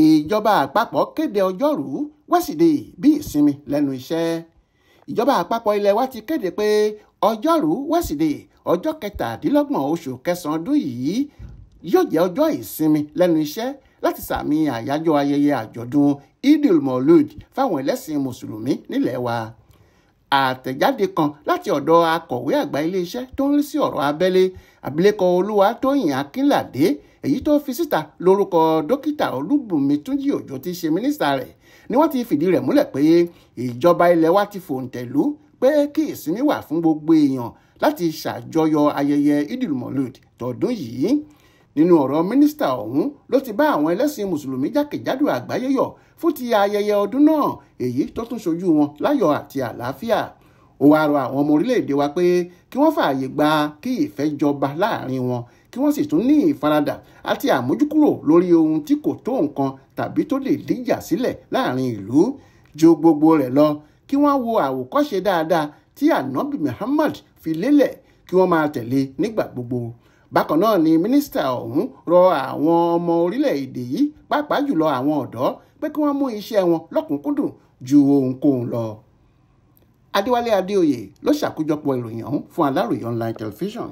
ìjọba àpapọ̀ kéde ọjọ́rùú wẹ́sídẹ̀ẹ́ bí ìsinmi lẹ́nu iṣẹ́ ìjọba àpapọ̀ ilẹ̀ wa ti kéde pé ọjọ́rùú wẹ́sídẹ̀ẹ́ ọjọ́ kẹtàdínlọ́gbọ̀n oṣù kẹsàn-án ọdún yìí yóò jẹ́ ọjọ́ ìsinmi lẹ́nu iṣẹ́ láti sàmì àyájọ́ ayẹyẹ àjọ̀dún idil molud fáwọn ẹlẹ́sìn mùsùlùmí nílẹ̀ wa àtẹ̀jáde kan láti ọ̀dọ̀ akọ̀wé àgbà iléeṣẹ́ tó ń rí sí ọ̀rọ̀ abẹ́lé abilékọ olúwatóyìn akínládé èyí tó fi síta lórúkọ dókítà olúbùnmi túnjí òjò ti ṣe mínísítà rẹ̀ ni wọ́n ti fìdí rẹ̀ múlẹ̀ pé ìjọba ilẹ̀ wa ti fòǹtẹ̀lú pé kí ìsinmi wà fún gbogbo èèyàn láti ṣàjọyọ̀ ayẹyẹ idilmolud tọdún yìí nínú ọ̀rọ̀ mínísítà ọ̀hún ló ti bá àwọn ẹlẹ́sìn mùsùlùmí jákèjádò àgbáyé yọ̀ fún ti ayẹyẹ ọdún náà èyí tó tún ṣojú wọn láyọ̀ àti àlàáfíà ó wáá rọ àwọn ọmọ orílẹ̀ wa pé kí wọ́n fààyè gba kí ìfẹ́ jọba láàrin wọn kí wọ́n sì tún ní ìfaradà àti àmójúkúrò lórí ohun tí kò tó nǹkan tàbí tó lè díjà sílẹ̀ láàrin ìlú ju gbogbo rẹ̀ lọ kí wọ́n wo àwòkọ́ṣe dáadáa tí ànábì Muhammad fi lélẹ̀ kí wọ́n máa tẹ̀lé nígbà gbogbo bákan náà ni mínísítà ọ̀hún rọ àwọn ọmọ orílẹ̀-èdè yìí pàápàá jùlọ àwọn ọ̀dọ́ pé kí wọ́n mú iṣẹ́ wọn lọ́kùnkúndùn ju ohunkóhun lọ. Adéwálé Adéoyè ló ṣàkójọpọ̀ ìròyìn ọ̀hún fún Aláròyé online television.